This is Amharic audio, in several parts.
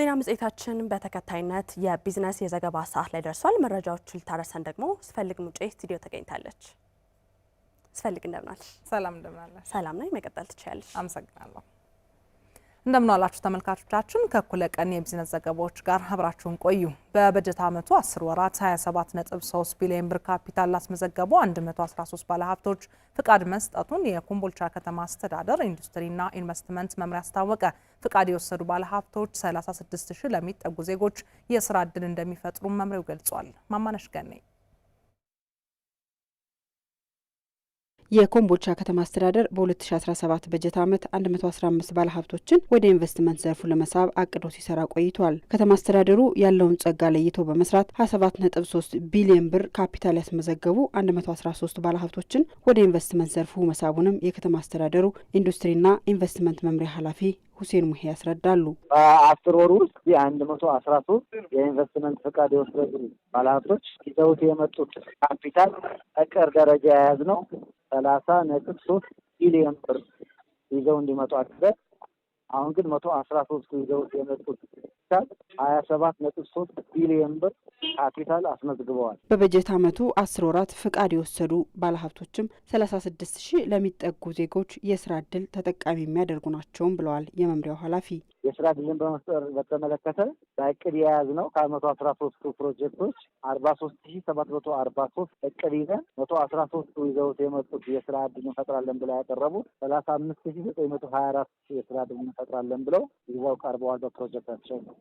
ዜና መጽሔታችን በተከታይነት የቢዝነስ የዘገባ ሰዓት ላይ ደርሷል። መረጃዎች ልታደርሰን ደግሞ ስፈልግ ሙጬ ስቱዲዮ ተገኝታለች። ስፈልግ እንደምናል። ሰላም እንደምናለ። ሰላም ነኝ። መቀጠል ትችላለች። አመሰግናለሁ። እንደምናላችሁ ተመልካቾቻችን። ከእኩለ ቀን የቢዝነስ ዘገባዎች ጋር አብራችሁን ቆዩ። በበጀት ዓመቱ 10 ወራት 27.3 ቢሊዮን ብር ካፒታል ላስመዘገቡ 113 ባለሀብቶች ፍቃድ መስጠቱን የኮምቦልቻ ከተማ አስተዳደር ኢንዱስትሪና ኢንቨስትመንት መምሪያ አስታወቀ። ፍቃድ የወሰዱ ባለሀብቶች 36 ሺህ ለሚጠጉ ዜጎች የስራ እድል እንደሚፈጥሩ መምሪያው ገልጿል። ማማነሽ ገኔ የኮምቦልቻ ከተማ አስተዳደር በ2017 በጀት ዓመት 115 ባለሀብቶችን ወደ ኢንቨስትመንት ዘርፉ ለመሳብ አቅዶ ሲሰራ ቆይቷል። ከተማ አስተዳደሩ ያለውን ጸጋ ለይቶ በመስራት 273 ቢሊዮን ብር ካፒታል ያስመዘገቡ 113 ባለሀብቶችን ወደ ኢንቨስትመንት ዘርፉ መሳቡንም የከተማ አስተዳደሩ ኢንዱስትሪና ኢንቨስትመንት መምሪያ ኃላፊ ሁሴን ሙሄ ያስረዳሉ። በአስር ወር ውስጥ የአንድ መቶ አስራ ሶስት የኢንቨስትመንት ፈቃድ የወሰዱ ባለሀብቶች ይዘውት የመጡት ካፒታል እቅድ ደረጃ የያዝ ነው ሰላሳ ነጥብ ሶስት ቢሊዮን ብር ይዘው እንዲመጡ አድርገን አሁን ግን መቶ አስራ ሶስቱ ይዘውት የመጡት ካፒታል ሀያ ሰባት ነጥብ ሶስት ቢሊዮን ብር ካፒታል አስመዝግበዋል። በበጀት አመቱ አስር ወራት ፍቃድ የወሰዱ ባለሀብቶችም ሰላሳ ስድስት ሺህ ለሚጠጉ ዜጎች የስራ እድል ተጠቃሚ የሚያደርጉ ናቸውም ብለዋል የመምሪያው ኃላፊ። የስራ ጊዜን በመፍጠር በተመለከተ በእቅድ የያዝ ነው ከመቶ አስራ ሶስቱ ፕሮጀክቶች አርባ ሶስት ሺ ሰባት መቶ አርባ ሶስት እቅድ ይዘን መቶ አስራ ሶስቱ ይዘውት የመጡት የስራ እድል እንፈጥራለን ብለው ያቀረቡት ሰላሳ አምስት ሺ ዘጠኝ መቶ ሀያ አራት የስራ እድል እንፈጥራለን ብለው ይዘው ቀርበዋል። በፕሮጀክታቸው ነው።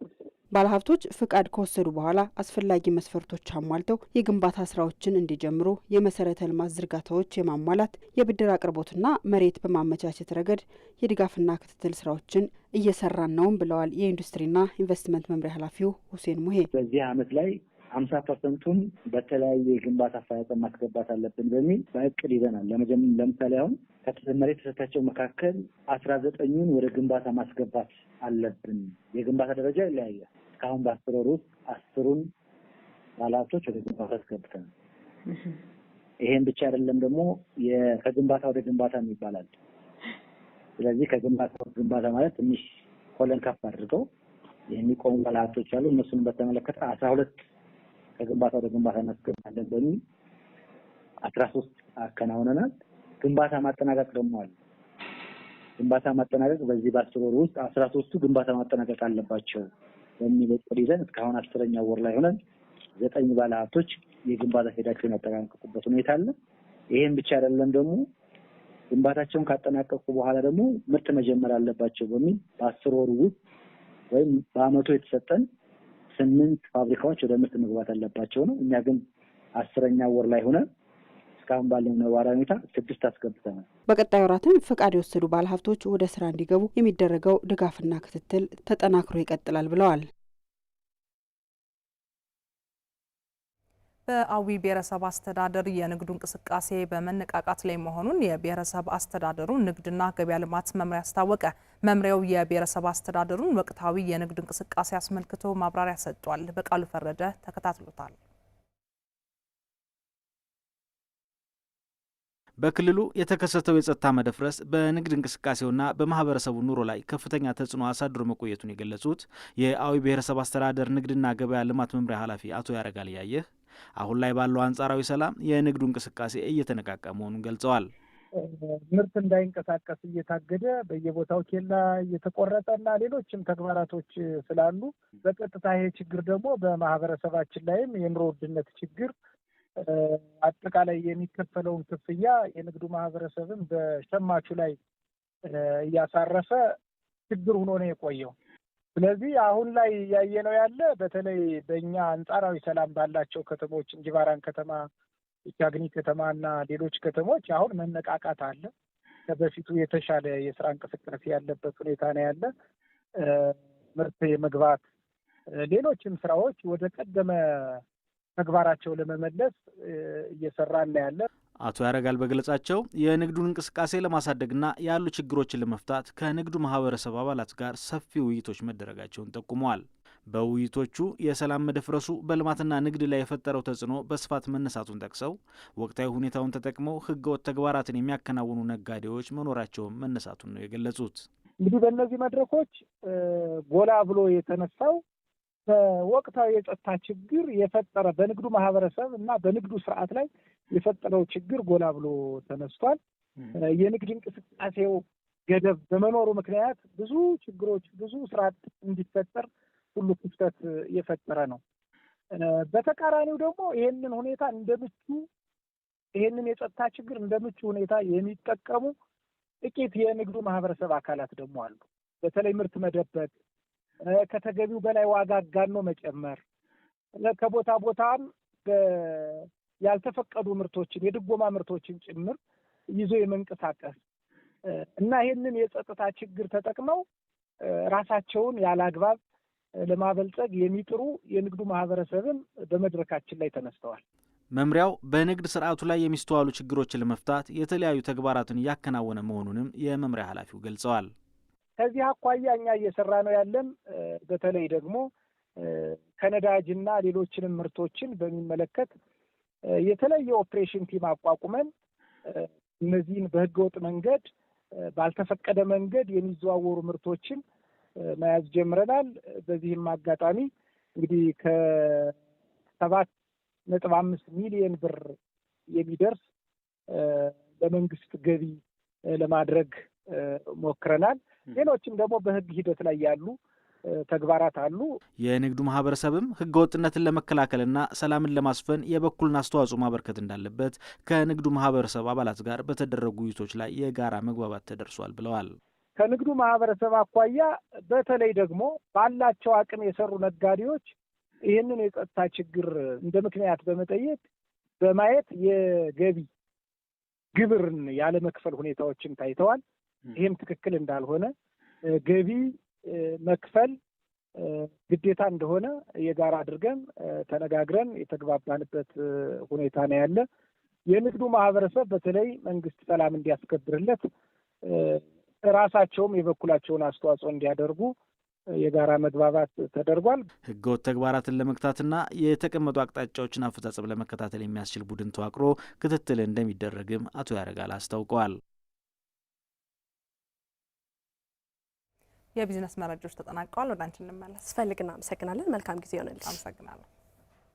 ባለሀብቶች ፍቃድ ከወሰዱ በኋላ አስፈላጊ መስፈርቶች አሟልተው የግንባታ ስራዎችን እንዲጀምሩ የመሰረተ ልማት ዝርጋታዎች የማሟላት የብድር አቅርቦትና መሬት በማመቻቸት ረገድ የድጋፍና ክትትል ስራዎችን እየሰራን ነውም ብለዋል የኢንዱስትሪና ኢንቨስትመንት መምሪያ ኃላፊው ሁሴን ሙሄ። በዚህ አመት ላይ ሀምሳ ፐርሰንቱን በተለያየ የግንባታ አፈጻጸም ማስገባት አለብን በሚል በእቅድ ይዘናል። ለምሳሌ አሁን መሬት የተሰጣቸው መካከል አስራ ዘጠኙን ወደ ግንባታ ማስገባት አለብን። የግንባታ ደረጃ ይለያየ። እስካሁን በአስር ወር ውስጥ አስሩን ባለሀብቶች ወደ ግንባታ አስገብተናል። ይሄን ብቻ አይደለም ደግሞ ከግንባታ ወደ ግንባታ ይባላል። ስለዚህ ከግንባታ ግንባታ ማለት ትንሽ ኮለን ከፍ አድርገው የሚቆሙ ባለሀብቶች አሉ። እነሱን በተመለከተ አስራ ሁለት ከግንባታ ወደ ግንባታ እናስገባለን በሚል አስራ ሶስት አከናውነናል። ግንባታ ማጠናቀቅ ደግሞ አለ። ግንባታ ማጠናቀቅ በዚህ በአስር ወር ውስጥ አስራ ሶስቱ ግንባታ ማጠናቀቅ አለባቸው በሚል እቅድ ይዘን እስካሁን አስረኛ ወር ላይ ሆነን ዘጠኝ ባለሀብቶች የግንባታ ሄዳቸውን ያጠናቀቁበት ሁኔታ አለ። ይህም ብቻ አይደለም ደግሞ ግንባታቸውን ካጠናቀቁ በኋላ ደግሞ ምርት መጀመር አለባቸው በሚል በአስር ወሩ ውስጥ ወይም በአመቱ የተሰጠን ስምንት ፋብሪካዎች ወደ ምርት መግባት አለባቸው ነው። እኛ ግን አስረኛ ወር ላይ ሆነ እስካሁን ባለው ነባራዊ ሁኔታ ስድስት አስገብተናል። በቀጣይ ወራትም ፈቃድ የወሰዱ ባለሀብቶች ወደ ስራ እንዲገቡ የሚደረገው ድጋፍና ክትትል ተጠናክሮ ይቀጥላል ብለዋል። በአዊ ብሔረሰብ አስተዳደር የንግዱ እንቅስቃሴ በመነቃቃት ላይ መሆኑን የብሔረሰብ አስተዳደሩ ንግድና ገበያ ልማት መምሪያ አስታወቀ። መምሪያው የብሔረሰብ አስተዳደሩን ወቅታዊ የንግድ እንቅስቃሴ አስመልክቶ ማብራሪያ ሰጥቷል። በቃሉ ፈረደ ተከታትሎታል። በክልሉ የተከሰተው የጸጥታ መደፍረስ በንግድ እንቅስቃሴውና በማህበረሰቡ ኑሮ ላይ ከፍተኛ ተጽዕኖ አሳድሮ መቆየቱን የገለጹት የአዊ ብሔረሰብ አስተዳደር ንግድና ገበያ ልማት መምሪያ ኃላፊ አቶ ያረጋል ያየህ አሁን ላይ ባለው አንጻራዊ ሰላም የንግዱ እንቅስቃሴ እየተነቃቀ መሆኑን ገልጸዋል። ምርት እንዳይንቀሳቀስ እየታገደ በየቦታው ኬላ እየተቆረጠ እና ሌሎችም ተግባራቶች ስላሉ በቀጥታ ይሄ ችግር ደግሞ በማህበረሰባችን ላይም የኑሮ ውድነት ችግር አጠቃላይ የሚከፈለውን ክፍያ የንግዱ ማህበረሰብን በሸማቹ ላይ እያሳረፈ ችግር ሆኖ ነው የቆየው። ስለዚህ አሁን ላይ እያየነው ያለ በተለይ በእኛ አንጻራዊ ሰላም ባላቸው ከተሞች እንጅባራን ከተማ፣ ቻግኒ ከተማ እና ሌሎች ከተሞች አሁን መነቃቃት አለ። ከበፊቱ የተሻለ የስራ እንቅስቃሴ ያለበት ሁኔታ ነው ያለ ምርት የመግባት ሌሎችም ስራዎች ወደ ቀደመ ተግባራቸው ለመመለስ እየሰራን ያለ አቶ ያረጋል በገለጻቸው የንግዱን እንቅስቃሴ ለማሳደግና ያሉ ችግሮችን ለመፍታት ከንግዱ ማህበረሰብ አባላት ጋር ሰፊ ውይይቶች መደረጋቸውን ጠቁመዋል። በውይይቶቹ የሰላም መደፍረሱ በልማትና ንግድ ላይ የፈጠረው ተጽዕኖ በስፋት መነሳቱን ጠቅሰው ወቅታዊ ሁኔታውን ተጠቅመው ህገወጥ ተግባራትን የሚያከናውኑ ነጋዴዎች መኖራቸውን መነሳቱን ነው የገለጹት። እንግዲህ በእነዚህ መድረኮች ጎላ ብሎ የተነሳው በወቅታዊ የጸጥታ ችግር የፈጠረ በንግዱ ማህበረሰብ እና በንግዱ ስርዓት ላይ የፈጠረው ችግር ጎላ ብሎ ተነስቷል። የንግድ እንቅስቃሴው ገደብ በመኖሩ ምክንያት ብዙ ችግሮች፣ ብዙ ስርዓት እንዲፈጠር ሁሉ ክፍተት የፈጠረ ነው። በተቃራኒው ደግሞ ይህንን ሁኔታ እንደ ምቹ ይህንን የጸጥታ ችግር እንደ ምቹ ሁኔታ የሚጠቀሙ ጥቂት የንግዱ ማህበረሰብ አካላት ደግሞ አሉ። በተለይ ምርት መደበቅ ከተገቢው በላይ ዋጋ አጋኖ መጨመር፣ ከቦታ ቦታም ያልተፈቀዱ ምርቶችን የድጎማ ምርቶችን ጭምር ይዞ የመንቀሳቀስ እና ይህንን የጸጥታ ችግር ተጠቅመው ራሳቸውን ያለ አግባብ ለማበልጸግ የሚጥሩ የንግዱ ማህበረሰብን በመድረካችን ላይ ተነስተዋል። መምሪያው በንግድ ስርዓቱ ላይ የሚስተዋሉ ችግሮችን ለመፍታት የተለያዩ ተግባራትን እያከናወነ መሆኑንም የመምሪያ ኃላፊው ገልጸዋል። ከዚህ አኳያ እኛ እየሰራ ነው ያለን በተለይ ደግሞ ከነዳጅና ሌሎችንም ምርቶችን በሚመለከት የተለየ ኦፕሬሽን ቲም አቋቁመን እነዚህን በህገወጥ መንገድ ባልተፈቀደ መንገድ የሚዘዋወሩ ምርቶችን መያዝ ጀምረናል። በዚህም አጋጣሚ እንግዲህ ከሰባት ነጥብ አምስት ሚሊየን ብር የሚደርስ ለመንግስት ገቢ ለማድረግ ሞክረናል። ሌሎችም ደግሞ በህግ ሂደት ላይ ያሉ ተግባራት አሉ። የንግዱ ማህበረሰብም ህገ ወጥነትን ለመከላከልና ሰላምን ለማስፈን የበኩልን አስተዋጽኦ ማበርከት እንዳለበት ከንግዱ ማህበረሰብ አባላት ጋር በተደረጉ ውይይቶች ላይ የጋራ መግባባት ተደርሷል ብለዋል። ከንግዱ ማህበረሰብ አኳያ በተለይ ደግሞ ባላቸው አቅም የሰሩ ነጋዴዎች ይህንን የጸጥታ ችግር እንደ ምክንያት በመጠየቅ በማየት የገቢ ግብርን ያለመክፈል ሁኔታዎችን ታይተዋል። ይህም ትክክል እንዳልሆነ ገቢ መክፈል ግዴታ እንደሆነ የጋራ አድርገን ተነጋግረን የተግባባንበት ሁኔታ ነው ያለ። የንግዱ ማህበረሰብ በተለይ መንግስት ሰላም እንዲያስከብርለት ራሳቸውም የበኩላቸውን አስተዋጽኦ እንዲያደርጉ የጋራ መግባባት ተደርጓል። ህገወጥ ተግባራትን ለመግታትና የተቀመጡ አቅጣጫዎችን አፈጻጸም ለመከታተል የሚያስችል ቡድን ተዋቅሮ ክትትል እንደሚደረግም አቶ ያረጋል አስታውቀዋል። የቢዝነስ መረጃዎች ተጠናቀዋል። ወደ አንቺ እንመለስ። ስፈልግና አመሰግናለን። መልካም ጊዜ ይሆንልሽ። አመሰግናለሁ።